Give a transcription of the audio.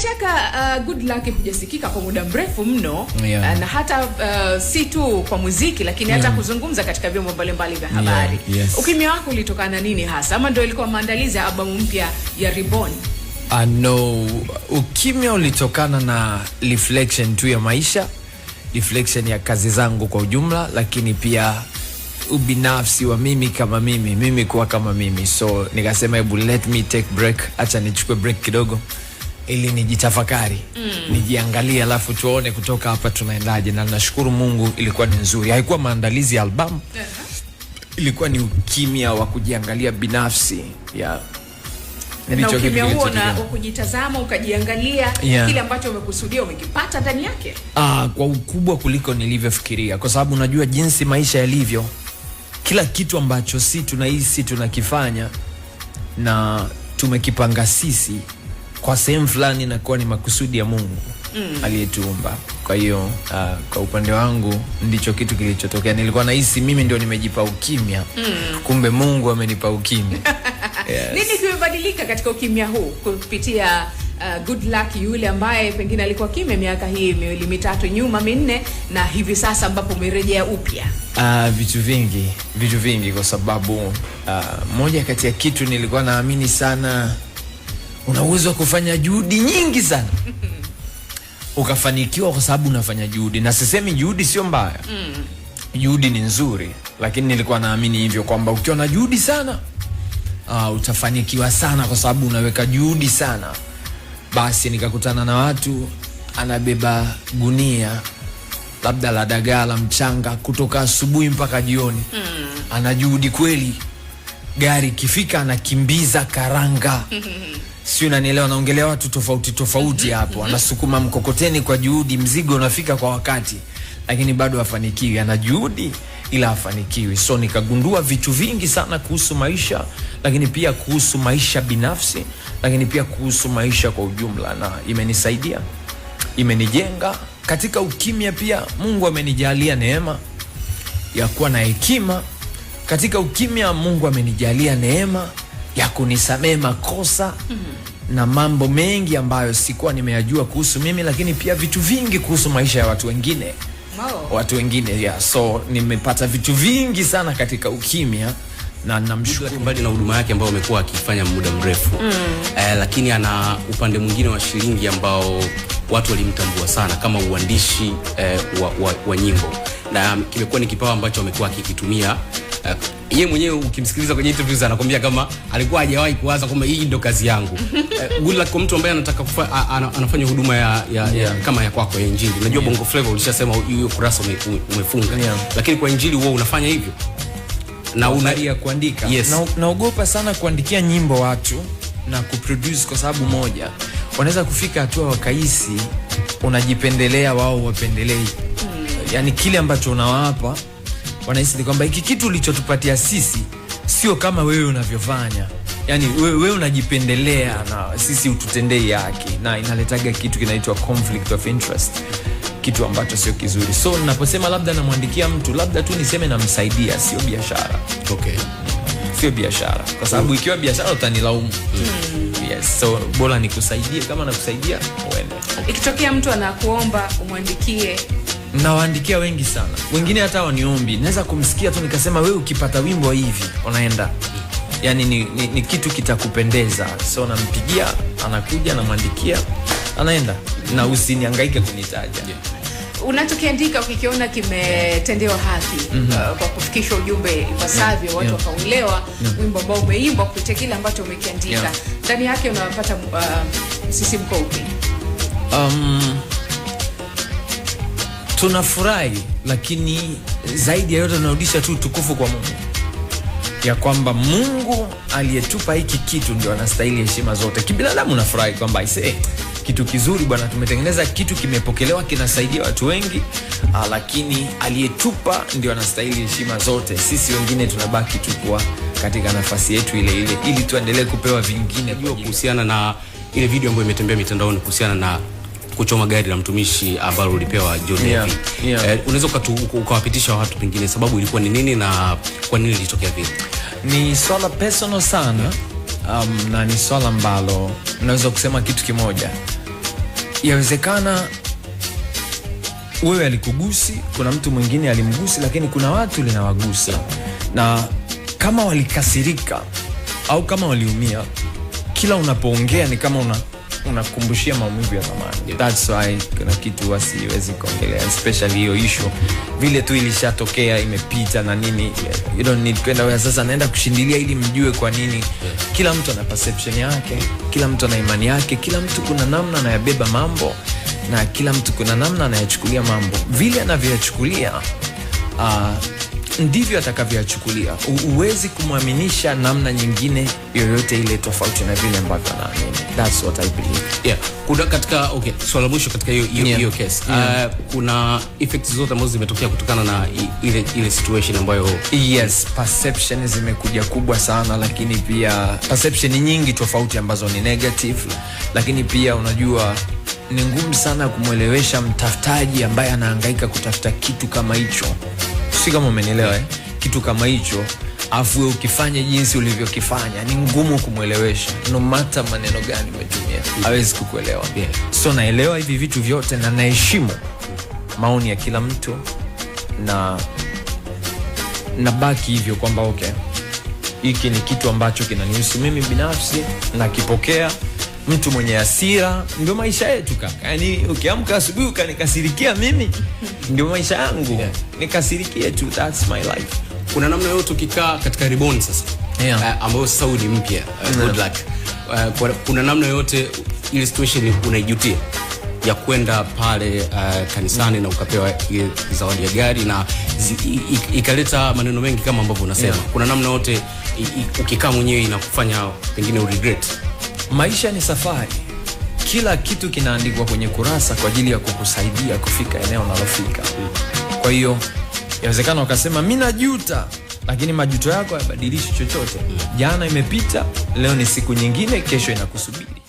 shaka uh, good luck kujasikika kwa muda mrefu mno yeah. Uh, na hata uh, si tu kwa muziki lakini hata yeah. kuzungumza katika vyombo mbalimbali vya habari yeah. yes. Ukimya wako ulitokana nini hasa, ama ndio ilikuwa maandalizi ya albamu mpya ya Reborn? Uh, no, ukimya ulitokana na reflection tu ya maisha, reflection ya kazi zangu kwa ujumla, lakini pia ubinafsi wa mimi kama mimi, mimi kuwa kama mimi, so nikasema hebu let me take break, acha nichukue break kidogo ili nijitafakari mm. nijiangalie, alafu tuone kutoka hapa tunaendaje, na nashukuru Mungu ilikuwa ni nzuri, haikuwa maandalizi ya albamu uh -huh. ilikuwa ni ukimya wa kujiangalia binafsi ya na ukimya huo na ukujitazama ukajiangalia, yeah. kile ambacho umekusudia umekipata ndani yake, ah, kwa ukubwa kuliko nilivyofikiria, kwa sababu unajua jinsi maisha yalivyo, kila kitu ambacho si tunahisi tunakifanya na tumekipanga sisi kwa sehemu fulani inakuwa ni makusudi ya Mungu mm. aliyetuumba. Kwa hiyo uh, kwa upande wangu ndicho kitu kilichotokea. Nilikuwa nahisi mimi ndio nimejipa ukimya mm. kumbe Mungu amenipa ukimya yes. Nini kimebadilika katika ukimya huu kupitia uh, good luck yule ambaye pengine alikuwa kimya miaka hii miwili mitatu nyuma minne na hivi sasa ambapo umerejea upya? Uh, vitu vingi, vitu vingi kwa sababu uh, moja kati ya kitu nilikuwa naamini sana una uwezo wa kufanya juhudi nyingi sana ukafanikiwa, kwa sababu unafanya juhudi. Na sisemi juhudi sio mbaya mm. Juhudi ni nzuri, lakini nilikuwa naamini hivyo kwamba ukiwa na juhudi sana uh, utafanikiwa sana, kwa sababu unaweka juhudi sana. Basi nikakutana na watu anabeba gunia labda la dagaa la mchanga kutoka asubuhi mpaka jioni mm. Ana juhudi kweli, gari ikifika anakimbiza karanga si unanielewa, naongelea watu tofauti tofauti hapo. Anasukuma mkokoteni kwa juhudi, mzigo unafika kwa wakati, lakini bado hafanikiwi. Ana juhudi ila hafanikiwi. So nikagundua vitu vingi sana kuhusu maisha, lakini pia kuhusu maisha binafsi, lakini pia kuhusu maisha kwa ujumla, na imenisaidia, imenijenga katika ukimya. Pia Mungu amenijalia neema ya kuwa na hekima katika ukimya. Mungu amenijalia neema ya kunisamehe makosa mm -hmm. na mambo mengi ambayo sikuwa nimeyajua kuhusu mimi, lakini pia vitu vingi kuhusu maisha ya watu wengine wow. watu wengine yeah. so nimepata vitu vingi sana katika ukimya na namshukuru na huduma yake ambayo amekuwa akifanya muda mrefu mm. eh, lakini ana upande mwingine wa shilingi ambao watu walimtambua sana kama uandishi eh, wa, wa, wa nyimbo na um, kimekuwa ni kipawa ambacho amekuwa akikitumia yeye mwenyewe ukimsikiliza kwenye interviews anakwambia kama alikuwa hajawahi kuwaza kwamba hii ndio kazi yangu. Uh, good luck kwa mtu ambaye anataka kufa, a, a, anafanya huduma ya, ya, yeah. ya kama ya kwako ya injili. Unajua yeah. Bongo Flava ulishasema hiyo kurasa umefunga. Yeah. Lakini kwa injili wewe unafanya hivyo. Na unaria kuandika. Yes. Na naogopa sana kuandikia nyimbo watu na kuproduce kwa sababu moja. Wanaweza kufika hatua wakaisi unajipendelea wao wapendelei. Yaani kile ambacho unawapa wanahisi kwamba hiki kitu ulichotupatia sisi sio kama wewe unavyofanya yani wewe we unajipendelea na sisi ututendei yake na inaletaga kitu kinaitwa conflict of interest kitu ambacho sio kizuri so naposema labda namwandikia mtu labda tu niseme namsaidia sio biashara okay. sio biashara kwa sababu ikiwa biashara utanilaumu mm. yes. so bora nikusaidie kama nakusaidia uende ikitokea mtu anakuomba umwandikie nawaandikia wengi sana, wengine hata waniombi, naweza kumsikia tu nikasema wewe ukipata wimbo hivi unaenda yani ni, ni, ni kitu kitakupendeza, so nampigia, anakuja, namwandikia, anaenda, na usiniangaike kunitaja yeah unachokiandika ukikiona kimetendewa haki mm -hmm. uh, kwa kufikisha ujumbe ipasavyo, yeah. watu wakauelewa yeah. wimbo ambao umeimbwa kupitia kile ambacho umekiandika ndani yeah. yake unapata uh, upi? um, tunafurahi, lakini zaidi ya yote tunarudisha tu utukufu kwa Mungu, ya kwamba Mungu aliyetupa hiki kitu ndio anastahili heshima zote. Kibinadamu nafurahi kwamba aisee, kitu kizuri bwana, tumetengeneza kitu, kimepokelewa, kinasaidia watu wengi a, ah, lakini aliyetupa ndio anastahili heshima zote. Sisi wengine tunabaki tu kuwa katika nafasi yetu ile ile, ili tuendelee kupewa vingine. Kuhusiana na ile video ambayo imetembea mitandaoni kuhusiana na kuchoma gari la mtumishi ambalo ulipewa John yeah, yeah. Eh, unaweza ukawapitisha watu pengine sababu ilikuwa ni nini na kwa nini ilitokea vile? Ni swala personal sana um, na ni swala ambalo naweza kusema kitu kimoja, yawezekana wewe alikugusi, kuna mtu mwingine alimgusi, lakini kuna watu linawagusa, na kama walikasirika au kama waliumia, kila unapoongea ni kama una unakumbushia maumivu ya zamani that's why kuna kitu wasiwezi kuongelea especially hiyo ishu vile tu ilishatokea imepita na nini you don't need kwenda wewe sasa naenda kushindilia ili mjue kwa nini kila mtu ana perception yake kila mtu ana imani yake kila mtu kuna namna anayabeba mambo na kila mtu kuna namna anayachukulia mambo vile anavyoyachukulia uh, ndivyo atakavyoachukulia Huwezi kumwaminisha namna nyingine yoyote ile tofauti na vile ambavyo anaamini. That's what I believe. Yeah. Kuna katika okay, swala mwisho katika hiyo hiyo yeah. case. Yeah. Uh, kuna effect zote ambazo zimetokea kutokana na ile ile situation ambayo yes, perception zimekuja kubwa sana, lakini pia perception nyingi tofauti ambazo ni negative, lakini pia unajua ni ngumu sana kumwelewesha mtafutaji ambaye anahangaika kutafuta kitu kama hicho si kama umenielewa eh? kitu kama hicho afu ukifanya jinsi ulivyokifanya ni ngumu kumwelewesha nomata maneno gani umetumia awezi kukuelewa yeah. so naelewa hivi vitu vyote na naheshimu maoni ya kila mtu na nabaki hivyo kwamba okay hiki ni kitu ambacho kinanihusu mimi binafsi nakipokea mtu mwenye hasira. Ndio maisha yetu kaka, yani ukiamka asubuhi ukanikasirikia mimi, ndio maisha yangu yeah. Nikasirikie tu, that's my life. Kuna namna yote ukikaa katika ribon sasa yeah. Uh, ambayo saudi mpya uh, good luck uh, kuna namna yote ile situation unaijutia ya kwenda pale uh, kanisani mm. na ukapewa zawadi ya gari na zi, i, ikaleta maneno mengi kama ambavyo unasema yeah. Kuna namna yote ukikaa mwenyewe inakufanya pengine uregret Maisha ni safari, kila kitu kinaandikwa kwenye kurasa kwa ajili ya kukusaidia kufika eneo unalofika. Kwa hiyo inawezekana ukasema mi najuta, lakini majuto yako hayabadilishi chochote. Jana imepita, leo ni siku nyingine, kesho inakusubiri.